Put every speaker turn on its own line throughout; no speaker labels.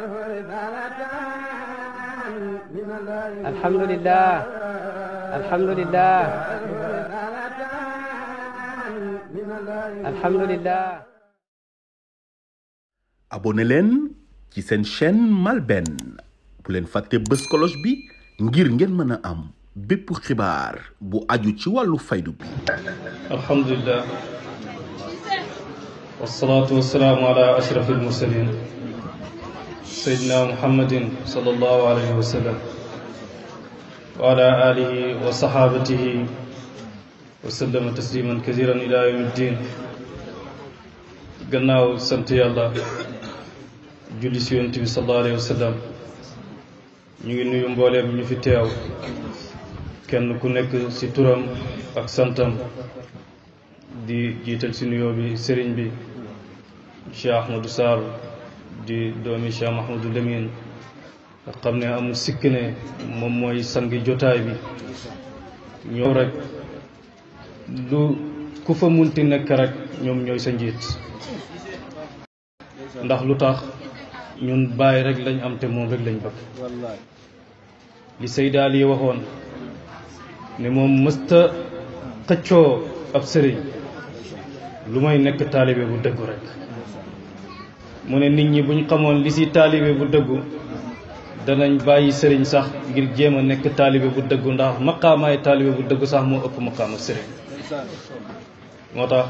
alhamdulilah alhamdulilah alhamdulilah. abonné leen ci seen chaîne MALBN bu leen fàtte bës cloche bi ngir ngeen mën a am bépp xibaar bu aju ci wàllu faydu bi. alhamdulilah. wasalaatu wasalaamu ala ashrafil mursalin سيدنا محمد صلى الله عليه وسلم وعلى آله وصحابته وسلم تسليما كثيرا إلى يوم الدين gannaaw sant yàlla julli si yonent bi sallallahu alayhi wa sallam ñu ngi nuyu mbooleem ñu fi teew kenn ku nekk si turam ak santam di jiital si nuyoo bi sëriñ bi Cheikh Ahmadou Sarr di doomi Cheikh Mahmoudou Lamine nga xam ne amul sikk moom mooy sangi jotaay bi ñoom rek lu ku fa munti nekk rek ñoom ñooy sa njiit ndax lu tax ñun bàyyi rek lañ am te moom rek lañ bëgg li Seydaal yi waxoon ne moom mësta xëccoo ab sëriñ lu may nekk taalibe bu dëggu rek mu ne nit ñi buñ xamoon li si taalibe bu dëggu danañ bàyyi sëriñ sax ngir jéem a nekk taalibe bu dëggu ndax maqaamaay taalibe bu dëggu sax moo ëpp maqaama sëriñ moo tax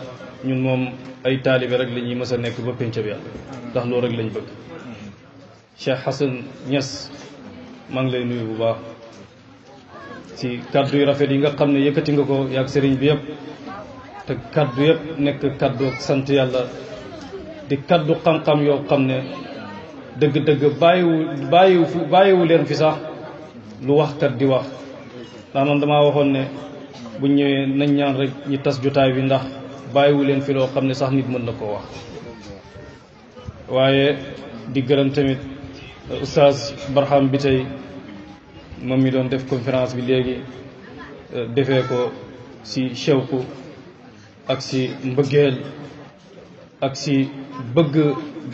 ñun moom ay taalibe rek lañuy ñuy nekk ba pénc bi yàlla ndax loolu rek lañu bëgg Cheikh Hassan Niass maa ngi lay nuyu bu baax ci kàddu yu rafet yi nga xam ne yëkkati nga ko yaag sëriñ bi yëpp te kàddu yëpp nekk kàddu sant yàlla di kaddu xam-xam yoo xam ne dëgg-dëgg bàyyiwu bàyyiwu bàyyiwu leen fi sax lu waxkat di wax ndax man damaa waxoon ne bu ñëwee nañ ñaan rek ñi tas jotaay bi ndax bàyyiwu leen fi loo xam ne sax nit mën na koo wax waaye di gërëm tamit oustaz Barham bi tey moom mi doon def conférence bi léegi euh, defee ko si chewku ak si mbëggeel ak si bëgg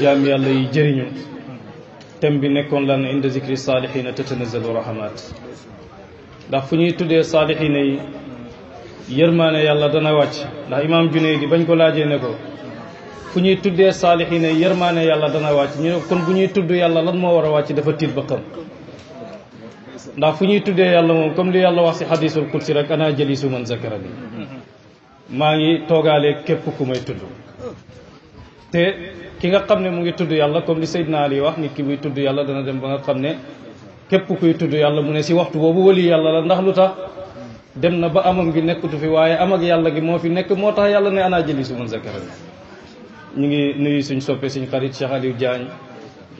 jaam yàlla yi jëriñu tem bi nekkoon lan inda zikri saalihiina tatanazalu rahamaat ndax fu ñuy tuddee saalihiina yi yërmaane yàlla dana wàcc ndax imaam Junayd bañ ko laajee ne fu ñuy tuddee saalihiina yi yërmaane yàlla dana wàcc ñu ne kon bu ñuy tudd yàlla lan moo war a wàcc dafa tiit ba xam ndax fu ñuy tuddee yàlla moom comme li yàlla wax si xadiisul kursi rek ana jëli su man zakara bi maa ngi toogaale képp ku may tudd te ki nga xam ne mu ngi tudd yàlla comme li Seydina Ali wax nit ki buy tudd yàlla dana dem ba nga xam ne képp kuy tudd yàlla mu ne si waxtu boobu wali yàlla la ndax lu tax dem na ba amam gi nekkutu fi waaye amag yàlla gi moo fi nekk moo tax yàlla ne ana jëli su man zakara ñu ngi nuyu suñ soppe suñ xarit Cheikh Aliou Diagne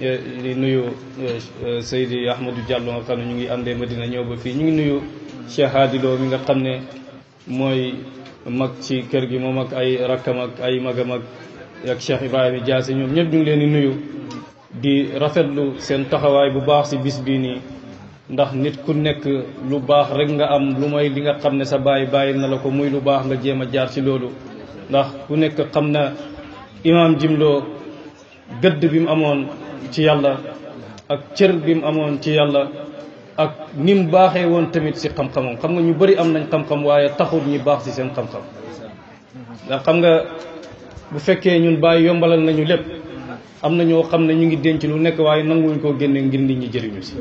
eh, di nuyu eh, Seydi Ahmadou Diallo nga xam ne ñu ngi àndee ma dina ñëw ba fii ñu ngi nuyu Cheikh Hadiloo mi nga xam ne mooy mag ci kër gi moom ak ay rakkam ak ay magam ak ak Cheikh Ibrahima Diassi ñoom ñëpp ñu ngi leen di nuyu di rafetlu seen taxawaay bu baax si bis bii nii ndax nit ku nekk lu baax rek nga am lu mooy li nga xam ne sa baay bàyyil na la ko muy lu baax nga jéem a jaar ci loolu ndax ku nekk xam na imaam Jimloo gëdd bi mu amoon ci yàlla ak cër bi mu amoon ci yàlla ak ni mu baaxee woon tamit si xam-xamam xam nga ñu bari am nañ xam-xam waaye taxul ñi baax si seen xam-xam ndax xam nga bu fekkee ñun bàyyi yombalal nañu lépp am na ñoo xam ne ñu ngi denc lu nekk waaye nanguwuñ koo génne ngir nit ñi jëriñu si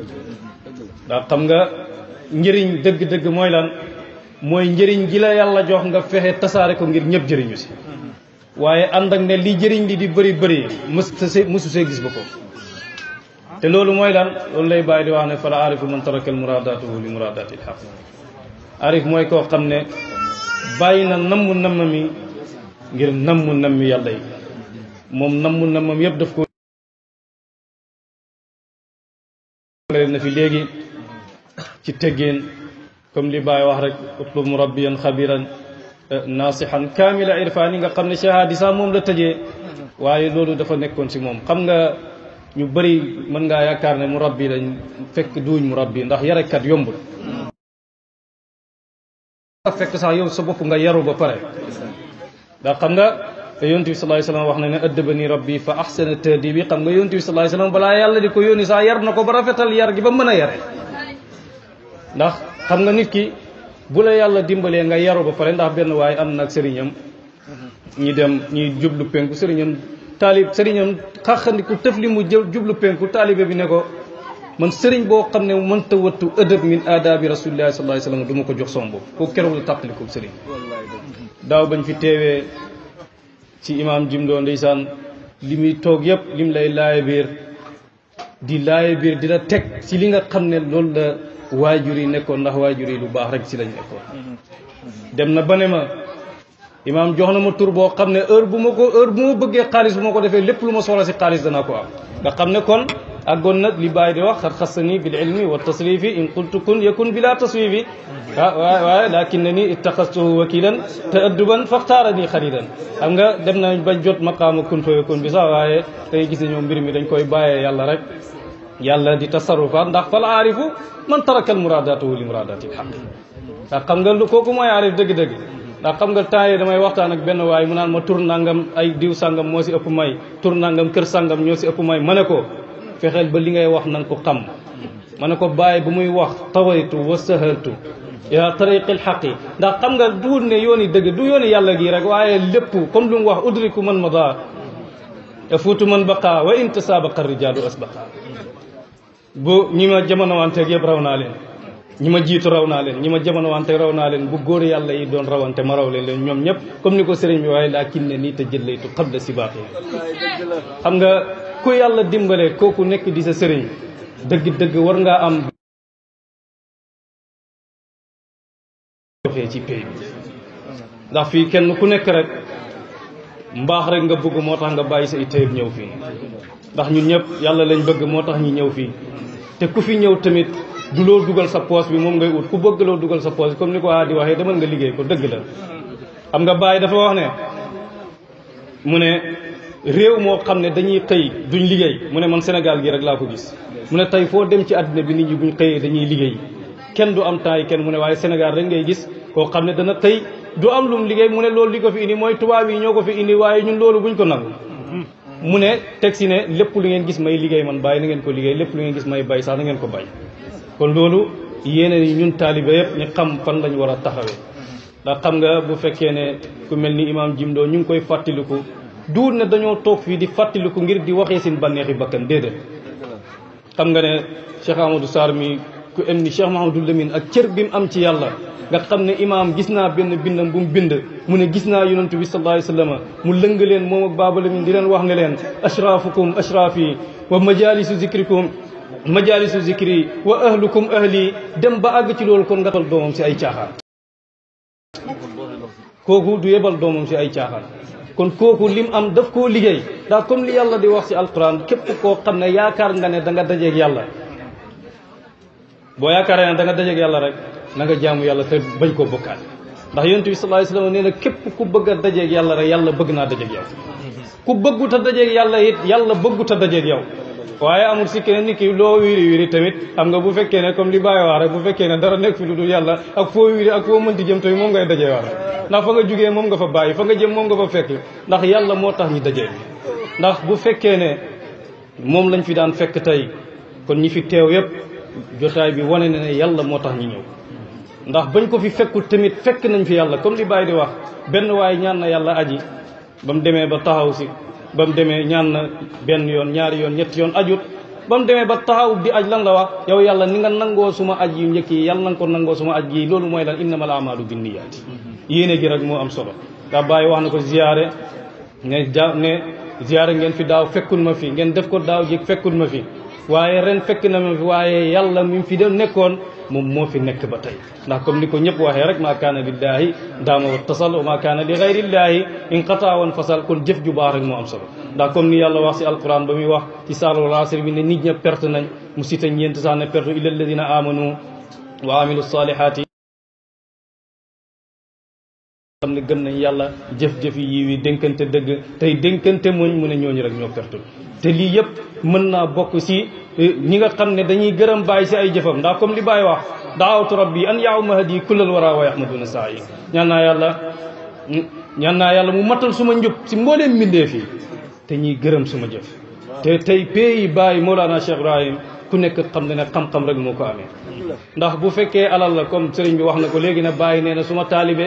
ndax xam nga njëriñ dëgg-dëgg mooy lan mooy njëriñ gi la yàlla jox nga fexe tasaare ko ngir ñëpp jëriñu si waaye ànd ak ne li jëriñ li di bari bëri mësu see mësu see gis ba ko te loolu mooy lan loolu lay bàyyi di wax ne fala aarifu man taraka al muraadaatuhu li muraadaati l aarif mooy koo xam ne bàyyi na namm namm mi ngir namm namm yàlla yi moom namm nammam yëpp daf ko ngale na fi léegi ci teggeen comme li Baay wax rek utlub murabbiyan xabiran eh, naasihan kaamila irfaani nga xam ne shahadi sax moom la tëjee waaye loolu dafa nekkoon ci moom xam nga ñu bari mën ngaa yaakaar ne murabbi lañ fekk duuñ murabbi ndax yarekat yombul fekk sax yow sa bopp nga yaru ba pare ndax xam nga yonent bi sallallahu wax na ne addabani rabbi fa ahsana ta'dibi xam nga yonent bi sallallahu alayhi wasallam balaa di ko yónni sax yar na ko ba rafetal yar gi ba mën a yare ndax xam nga nit ki bu la yàlla dimbalee nga yaru ba pare ndax benn waaye am nag sëriñam ñi dem ñuy jublu penku sëriñam taalib sëriñam xaxandiku tëf li mu jël jublu penku taalibe bi ne ko man sëriñ boo xam ne mënta wattu ëdëb min aadaabi rasulillahi sallallahu alayhi wasallam du ma ko jox sombo kooku keroog la tàqalikoog sëriñ daaw bañ fi teewee ci imaam jim doo ndeysaan li muy toog yëpp lim lay laaye biir di laaye biir di la teg ci li nga xam ne loolu la waajur yi nekkoon ndax waajur yi lu baax rek ci lañ nekkoon dem na ba ne ma imaam jox na ma tur boo xam ne heure bu ma ko heure bu ma bëggee xaalis bu ma ko defee lépp lu ma soxla si xaalis danaa ko am nga xam ne àggoon nag li bàyyi di wax xat xasani bil ilmi wa tasrifi in qultu kun yakun bila taswifi ah waaye waaye lakinnani ittaxastuhu wakilan te adduban faxtaarani xaridan xam nga dem nañ ba jot maqaama kun fa yakun bi sax waaye tey gis ñoom mbir mi dañ koy bàyyee yàlla rek yàlla di tasarrufaat ndax fal aarifu man taraka al muraadaatu li muraadaati lxaq ndax xam nga lu kooku mooy aarif dëgg-dëgg ndax xam nga temps yi damay waxtaan ak benn waay mu naan ma tur nangam ay diw sangam moo si ëpp may tur nangam kër sangam ñoo si ëpp may ma ne ko fexeel ba li ngay wax na nga ko xam ma ne ko bàyyi bu muy wax tawaytu wa sahantu yaa tariqil xaqi ndax xam nga duur ne yooni dëgg du yooni yàlla gi rek waaye lépp comme lu mu wax udriku man mada yafuutu man baqa wa in tasaabaqa rijaalu asbaqa bu ñi ma jamono wanteeg yëpp raw naa leen ñi ma jiitu raw naa leen ñi ma jamono wanteeg raw naa leen bu góor yàlla yi doon rawante ma raw leen ñoom ñëpp comme ni ko sëriñ bi waaye laakin ne nii te jëllaytu qabla sibaaqi xam nga ku yàlla dimbale kooku nekk di sa sëriñ dëgg-dëgg war ngaa am doxee ci ndax fii kenn ku nekk rek mbaax rek nga bugg moo tax nga bàyyi sa ittee ñëw fii ndax ñun ñëpp yàlla lañ bëgg moo tax ñu ñëw fii te ku fi ñëw tamit du loo dugal sa poose bi moom ngay ut ku bëgg loo dugal sa poos bi comme ni ko a di waxee demal nga liggéey ko dëgg la xam nga bàyyi dafa wax ne mu ne réew moo xam ne dañuy xëy duñ liggéey mu ne man Sénégal gi rek laa ko gis mu ne tey foo dem ci àddina bi nit ñi buñ xëyee dañuy liggéey kenn du am temps yi kenn mu ne waaye senegal rek ngay gis koo xam ne dana xëy du am lum liggéey mu ne loolu li ko fi indi mooy tubaab yi ñoo ko fi indi waaye ñun loolu buñ ko nangu mu ne teg si ne lépp lu ngeen gis may liggéey man bàyyi na ngeen ko liggéey lépp lu ngeen gis may bay sax na ko bay kon loolu yéene ni ñun taalibe yëpp ñu xam fan lañ war a taxawee ndax xam nga bu fekkee ne ku mel ni imaam Jimdo ñu ngi koy fàttaliku duur ne dañoo toog fii di fàttaliku ngir di waxee seen bànneexi bakkan déedéet xam nga ne Cheikh Amadou Sarr mi ku em ni Cheikh Mahamadou ak cër bim am ci yàlla nga xam ne imaam gis naa benn bindam bu mu bind mu ne gis naa yonent bi sallallahu alayhi mu lëng leen moom di leen wax ne leen ashraafukum ashraafi wa majalisu zikrikum majalisu zikri wa ahlukum ahli dem ba àgg ci loolu kon nga tol doomam si ay caaxaan kooku du kon kooku li mu am daf koo liggéey daa comme li yàlla di wax ci alquran képp koo xam ne yaakaar nga ne danga nga dajeeg yàlla boo yaakaaree ne da nga dajeeg yàlla rek na nga jaamu yàlla te bañ koo bokkaat ndax yonent bi sallallahu alayhi wasallam nee na képp ku bëgg a dajeeg yàlla rek yàlla bëgg naa dajeeg yow ku bëggut a dajeeg yàlla it yàlla bëggut a dajeeg yow waaye amul si keneen nit ki loo wiri wiri tamit xam nga bu fekkee ne comme li bàyyi wax rek bu fekkee ne dara nekk fi yàlla ak foo wiri jëm moom ngay dajee wax ndax fa nga jógee moom nga fa bàyyi fa nga jëm moom nga fa fekk ndax yàlla moo tax ñu dajee ndax bu fekkee ne moom lañ fi daan fekk tey kon ñi fi teew yëpp jotaay bi wane na ne yàlla moo tax ñu ñëw ndax bañ ko fi fekkul tamit fekk nañ fi yàlla comme li Baye di wax benn waaye ñaan na yàlla aji ba mu demee ba taxaw si ba mu demee ñaan na benn yoon ñaari yoon ñetti yoon ajut ba mu demee ba taxaw di aj lan la wax yow yàlla ni nga nangoo suma aj yu njëkk yi yàlla na ko nangoo suma aj yi loolu mooy lan innamal amalu binniyaati yéene gi rek moo am solo ndax wax na ko ziyaare ne ja ne ziyaare ngeen fi daaw fekkul ma fi ngeen def ko daaw ji fekkul ma fi waaye ren fekk na ma fi waaye yalla mi fi doon nekkoon moom moo fi nekk ba tey ndax comme ni ko ñëpp waxee rek maa kaana lillaahi daama wa tasal wa maa kaana li gayrillaahi inqataa wan fasal kon jëf ju baax rek moo am solo ndax comme ni yàlla wax si alquran ba muy wax ci saalul asr bi ne nit ña perte nañ mu sita ñeent sax ne perte illa alladina amanu wa amilu xam ne gëm nañ yàlla jëf-jëf yi yiw yi dénkante dëgg tey dénkante muñ mu ne ñooñu rek ñoo pertul te lii yëpp mën naa bokk si e, ñi nga xam ne dañuy gërëm bàyyi si ay jëfam ndax comme li bàyyi wax daawatu rabbi an yaaw mahadi kullal wara ma yahmaduna saa yi ñaan naa yàlla mm, ñaan naa yàlla mu matal suma njub si mbooleem mbindeef yi te ñuy gërëm suma jëf te tey pay yi bàyyi Mawlana Cheikh Ibrahim ku nekk xam ne ne xam-xam rek moo ko amee ndax bu fekkee alal la comme sëriñ bi wax na ko léegi ne bàyyi nee na su ma taalibe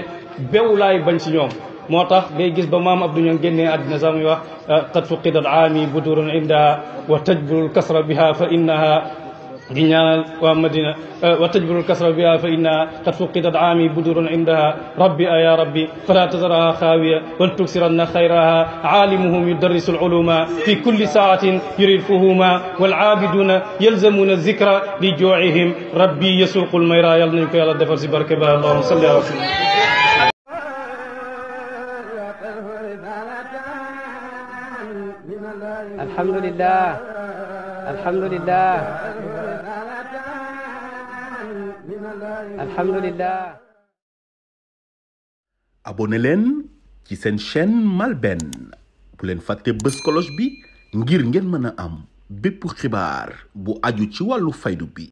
bew laay bañ si ñoom moo tax day gis ba maam Abdou Niang génnee àddina sax muy wax qad fuqidat aami buduran indaha wa tajburul kasra biha fa innaha di ñaanal waa madina eh, wa tajbirul kasra biha fa inna qad fuqidat aami budurun indaha rabbi ah, ya rabbi fala tazaraha xaawiya wal tuksiranna xayraha aalimuhum yudarrisu aluluma fi kulli saatin yuri lfuhuma walaabiduna yalzamuna zikra li joocihim rabbi yasuqul mayra yàlla nañ ko yàlla defal si barke ba allahuma salli ala alhamdulillah alhamdulillah alhamdulillah abonné leen ci seen chaîne MALBN bu leen fàtte bës kolos bi ngir ngeen mën a am bépp xibaar bu aju ci wàllu faydu bi